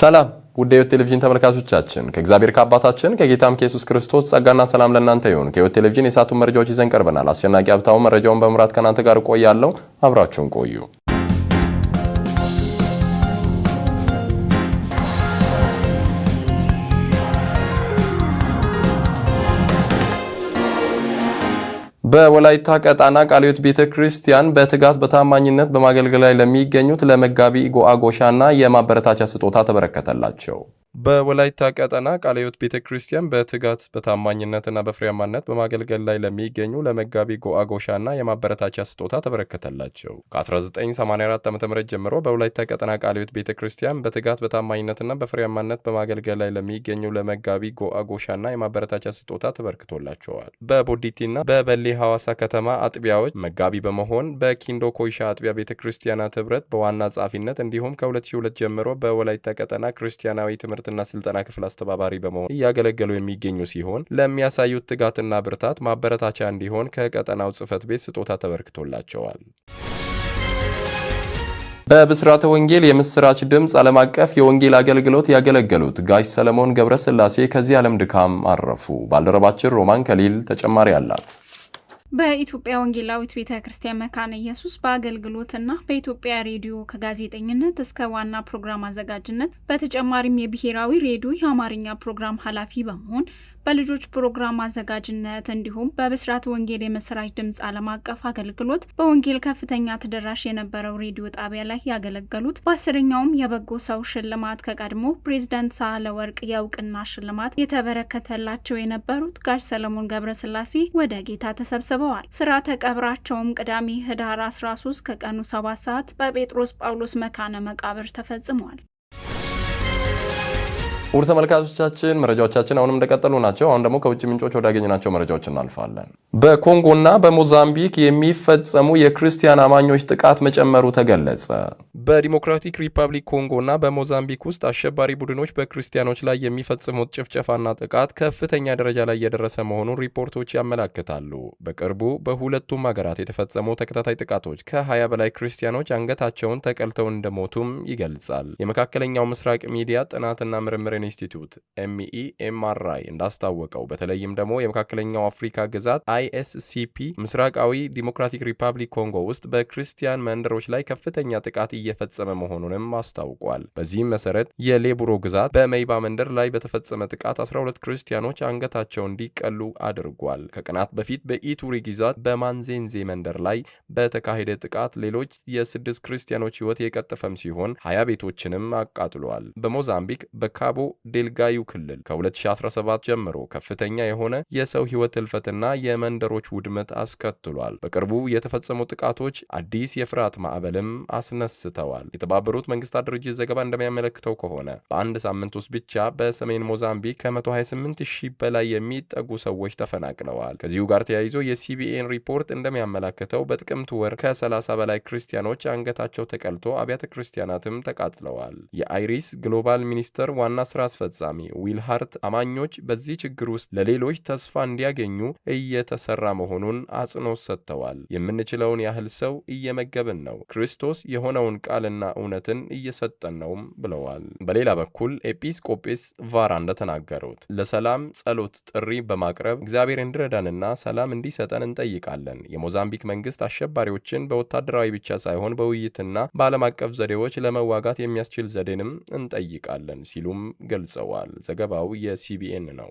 ሰላም ውድ ሕይወት ቴሌቪዥን ተመልካቾቻችን ከእግዚአብሔር ከአባታችን ከጌታም ከኢየሱስ ክርስቶስ ጸጋና ሰላም ለእናንተ ይሁን። ከዮት ቴሌቪዥን የሰዓቱን መረጃዎች ይዘን ቀርበናል። አስጨናቂ ሀብታሙ መረጃውን በመምራት ከእናንተ ጋር እቆያለሁ። አብራችሁን ቆዩ። በወላይታ ቀጣና ቃልዮት ቤተ ክርስቲያን በትጋት በታማኝነት በማገልገል ላይ ለሚገኙት ለመጋቢ ኢጎአጎሻና የማበረታቻ ስጦታ ተበረከተላቸው። በወላይታ ቀጠና ቃለ ሕይወት ቤተ ክርስቲያን በትጋት በታማኝነትና በፍሬያማነት በማገልገል ላይ ለሚገኙ ለመጋቢ ጎአ የማበረታቻ ስጦታ ተበረከተላቸው። ከ1984 ዓ ም ጀምሮ በወላይታ ቀጠና ቃለ ሕይወት ቤተ ክርስቲያን በትጋት በታማኝነትና በፍሬያማነት በማገልገል ላይ ለሚገኙ ለመጋቢ ጎአ የማበረታቻ ስጦታ ተበርክቶላቸዋል። በቦዲቲና በበሌ ሐዋሳ ከተማ አጥቢያዎች መጋቢ በመሆን በኪንዶ ኮይሻ አጥቢያ ቤተ ክርስቲያናት ህብረት በዋና ጸሐፊነት እንዲሁም ከ2002 ጀምሮ በወላይታ ቀጠና ክርስቲያናዊ ትምህርት ትምህርትና ስልጠና ክፍል አስተባባሪ በመሆን እያገለገሉ የሚገኙ ሲሆን ለሚያሳዩት ትጋትና ብርታት ማበረታቻ እንዲሆን ከቀጠናው ጽህፈት ቤት ስጦታ ተበርክቶላቸዋል። በብስራተ ወንጌል የምስራች ድምፅ ዓለም አቀፍ የወንጌል አገልግሎት ያገለገሉት ጋሽ ሰለሞን ገብረስላሴ ከዚህ ዓለም ድካም አረፉ። ባልደረባችን ሮማን ከሊል ተጨማሪ አላት። በኢትዮጵያ ወንጌላዊት ቤተ ክርስቲያን መካነ ኢየሱስ በአገልግሎትና በኢትዮጵያ ሬዲዮ ከጋዜጠኝነት እስከ ዋና ፕሮግራም አዘጋጅነት በተጨማሪም የብሔራዊ ሬዲዮ የአማርኛ ፕሮግራም ኃላፊ በመሆን በልጆች ፕሮግራም አዘጋጅነት እንዲሁም በብስራት ወንጌል የመስራች ድምፅ ዓለም አቀፍ አገልግሎት በወንጌል ከፍተኛ ተደራሽ የነበረው ሬዲዮ ጣቢያ ላይ ያገለገሉት በአስረኛውም የበጎ ሰው ሽልማት ከቀድሞ ፕሬዝዳንት ሳህለ ወርቅ የእውቅና ሽልማት የተበረከተላቸው የነበሩት ጋሽ ሰለሞን ገብረስላሴ ወደ ጌታ ተሰብስበዋል። ስራ ተቀብራቸውም ቅዳሜ ህዳር 13 ከቀኑ 7 ሰዓት በጴጥሮስ ጳውሎስ መካነ መቃብር ተፈጽሟል። ውድ ተመልካቾቻችን መረጃዎቻችን አሁንም እንደቀጠሉ ናቸው። አሁን ደግሞ ከውጭ ምንጮች ወዳገኝናቸው መረጃዎች እናልፋለን። በኮንጎና በሞዛምቢክ የሚፈጸሙ የክርስቲያን አማኞች ጥቃት መጨመሩ ተገለጸ። በዲሞክራቲክ ሪፐብሊክ ኮንጎና በሞዛምቢክ ውስጥ አሸባሪ ቡድኖች በክርስቲያኖች ላይ የሚፈጽሙት ጭፍጨፋና ጥቃት ከፍተኛ ደረጃ ላይ እየደረሰ መሆኑን ሪፖርቶች ያመላክታሉ። በቅርቡ በሁለቱም ሀገራት የተፈጸሙ ተከታታይ ጥቃቶች ከ20 በላይ ክርስቲያኖች አንገታቸውን ተቀልተው እንደሞቱም ይገልጻል። የመካከለኛው ምስራቅ ሚዲያ ጥናትና ምርምር ብሬን ኢንስቲትዩት ኤምኢ ኤምአርአይ እንዳስታወቀው በተለይም ደግሞ የመካከለኛው አፍሪካ ግዛት አይኤስሲፒ ምስራቃዊ ዲሞክራቲክ ሪፐብሊክ ኮንጎ ውስጥ በክርስቲያን መንደሮች ላይ ከፍተኛ ጥቃት እየፈጸመ መሆኑንም አስታውቋል። በዚህም መሰረት የሌቡሮ ግዛት በመይባ መንደር ላይ በተፈጸመ ጥቃት 12 ክርስቲያኖች አንገታቸው እንዲቀሉ አድርጓል። ከቀናት በፊት በኢቱሪ ግዛት በማንዜንዜ መንደር ላይ በተካሄደ ጥቃት ሌሎች የስድስት ክርስቲያኖች ህይወት የቀጠፈም ሲሆን ሀያ ቤቶችንም አቃጥሏል። በሞዛምቢክ በካቦ ዴልጋዩ ክልል ከ2017 ጀምሮ ከፍተኛ የሆነ የሰው ሕይወት እልፈትና የመንደሮች ውድመት አስከትሏል። በቅርቡ የተፈጸሙ ጥቃቶች አዲስ የፍርሃት ማዕበልም አስነስተዋል። የተባበሩት መንግስታት ድርጅት ዘገባ እንደሚያመለክተው ከሆነ በአንድ ሳምንት ውስጥ ብቻ በሰሜን ሞዛምቢክ ከ128 ሺህ በላይ የሚጠጉ ሰዎች ተፈናቅለዋል። ከዚሁ ጋር ተያይዞ የሲቢኤን ሪፖርት እንደሚያመላክተው በጥቅምት ወር ከ30 በላይ ክርስቲያኖች አንገታቸው ተቀልቶ አብያተ ክርስቲያናትም ተቃጥለዋል። የአይሪስ ግሎባል ሚኒስተር ዋና ስራ አስፈጻሚ ዊልሃርት አማኞች በዚህ ችግር ውስጥ ለሌሎች ተስፋ እንዲያገኙ እየተሰራ መሆኑን አጽንኦት ሰጥተዋል። የምንችለውን ያህል ሰው እየመገብን ነው፣ ክርስቶስ የሆነውን ቃልና እውነትን እየሰጠን ነውም ብለዋል። በሌላ በኩል ኤጲስቆጶስ ቫራ እንደተናገሩት ለሰላም ጸሎት ጥሪ በማቅረብ እግዚአብሔር እንዲረዳንና ሰላም እንዲሰጠን እንጠይቃለን። የሞዛምቢክ መንግስት አሸባሪዎችን በወታደራዊ ብቻ ሳይሆን በውይይትና በዓለም አቀፍ ዘዴዎች ለመዋጋት የሚያስችል ዘዴንም እንጠይቃለን ሲሉም ገልጸዋል። ዘገባው የሲቢኤን ነው።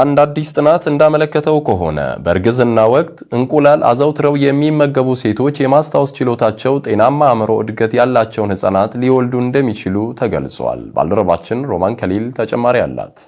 አንድ አዲስ ጥናት እንዳመለከተው ከሆነ በእርግዝና ወቅት እንቁላል አዘውትረው የሚመገቡ ሴቶች የማስታወስ ችሎታቸው ጤናማ አእምሮ እድገት ያላቸውን ሕፃናት ሊወልዱ እንደሚችሉ ተገልጿል። ባልደረባችን ሮማን ከሊል ተጨማሪ አላት።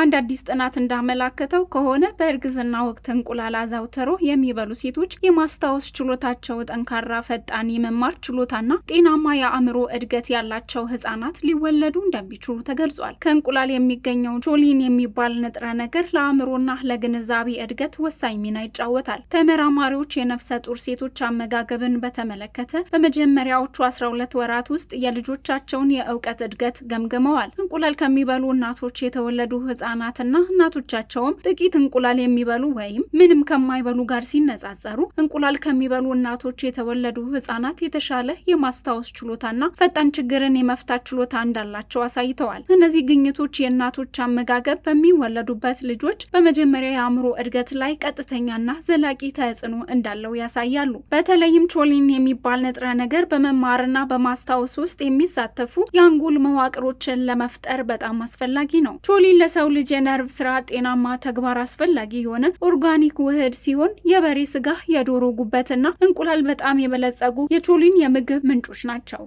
አንድ አዲስ ጥናት እንዳመላከተው ከሆነ በእርግዝና ወቅት እንቁላል አዛውተሮ የሚበሉ ሴቶች የማስታወስ ችሎታቸው ጠንካራ፣ ፈጣን የመማር ችሎታና ጤናማ የአእምሮ እድገት ያላቸው ህጻናት ሊወለዱ እንደሚችሉ ተገልጿል። ከእንቁላል የሚገኘው ቾሊን የሚባል ንጥረ ነገር ለአእምሮና ለግንዛቤ እድገት ወሳኝ ሚና ይጫወታል። ተመራማሪዎች የነፍሰ ጡር ሴቶች አመጋገብን በተመለከተ በመጀመሪያዎቹ 12 ወራት ውስጥ የልጆቻቸውን የእውቀት እድገት ገምግመዋል። እንቁላል ከሚበሉ እናቶች የተወለዱ ህጻናትና እናቶቻቸውም ጥቂት እንቁላል የሚበሉ ወይም ምንም ከማይበሉ ጋር ሲነጻጸሩ እንቁላል ከሚበሉ እናቶች የተወለዱ ህጻናት የተሻለ የማስታወስ ችሎታና ፈጣን ችግርን የመፍታት ችሎታ እንዳላቸው አሳይተዋል። እነዚህ ግኝቶች የእናቶች አመጋገብ በሚወለዱበት ልጆች በመጀመሪያ የአእምሮ እድገት ላይ ቀጥተኛና ዘላቂ ተጽዕኖ እንዳለው ያሳያሉ። በተለይም ቾሊን የሚባል ንጥረ ነገር በመማርና በማስታወስ ውስጥ የሚሳተፉ የአንጎል መዋቅሮችን ለመፍጠር በጣም አስፈላጊ ነው። ቾሊን ለሰው የሰው ልጅ የነርቭ ስራ ጤናማ ተግባር አስፈላጊ የሆነ ኦርጋኒክ ውህድ ሲሆን የበሬ ስጋ፣ የዶሮ ጉበትና እንቁላል በጣም የበለጸጉ የቾሊን የምግብ ምንጮች ናቸው።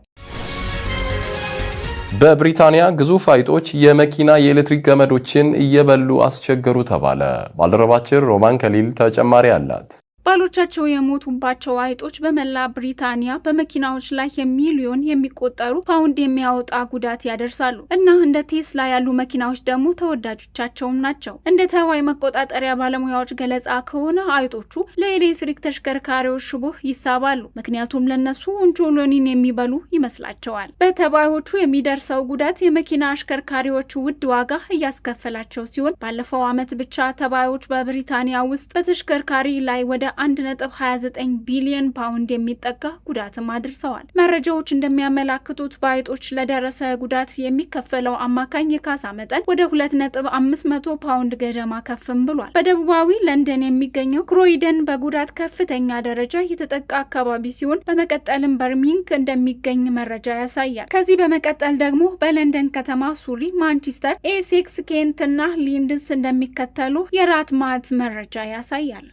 በብሪታንያ ግዙፍ አይጦች የመኪና የኤሌክትሪክ ገመዶችን እየበሉ አስቸገሩ ተባለ። ባልደረባችን ሮማን ከሊል ተጨማሪ አላት። ባሎቻቸው የሞቱባቸው አይጦች በመላ ብሪታንያ በመኪናዎች ላይ የሚሊዮን የሚቆጠሩ ፓውንድ የሚያወጣ ጉዳት ያደርሳሉ እና እንደ ቴስላ ያሉ መኪናዎች ደግሞ ተወዳጆቻቸውም ናቸው። እንደ ተባይ መቆጣጠሪያ ባለሙያዎች ገለጻ ከሆነ አይጦቹ ለኤሌክትሪክ ተሽከርካሪዎች ሽቦ ይሳባሉ፣ ምክንያቱም ለነሱ እንጆሎኒን የሚበሉ ይመስላቸዋል። በተባዮቹ የሚደርሰው ጉዳት የመኪና አሽከርካሪዎች ውድ ዋጋ እያስከፈላቸው ሲሆን ባለፈው ዓመት ብቻ ተባዮች በብሪታንያ ውስጥ በተሽከርካሪ ላይ ወደ 1.29 ቢሊዮን ፓውንድ የሚጠጋ ጉዳትም አድርሰዋል። መረጃዎች እንደሚያመላክቱት በአይጦች ለደረሰ ጉዳት የሚከፈለው አማካኝ የካሳ መጠን ወደ 2.500 ፓውንድ ገደማ ከፍም ብሏል። በደቡባዊ ለንደን የሚገኘው ክሮይደን በጉዳት ከፍተኛ ደረጃ የተጠቃ አካባቢ ሲሆን በመቀጠልም በርሚንግ እንደሚገኝ መረጃ ያሳያል። ከዚህ በመቀጠል ደግሞ በለንደን ከተማ ሱሪ፣ ማንቸስተር፣ ኤሴክስ፣ ኬንት እና ሊንድስ እንደሚከተሉ የራት ማት መረጃ ያሳያል።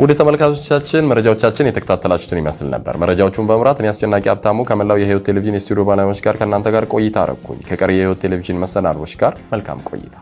ውድ ተመልካቾቻችን መረጃዎቻችን የተከታተላችሁትን ይመስል ነበር። መረጃዎቹን በመምራት እኔ አስጨናቂ ሀብታሙ ከመላው የህይወት ቴሌቪዥን የስቱዲዮ ባለሙያዎች ጋር ከእናንተ ጋር ቆይታ አረኩኝ። ከቀሪ የህይወት ቴሌቪዥን መሰናዶዎች ጋር መልካም ቆይታ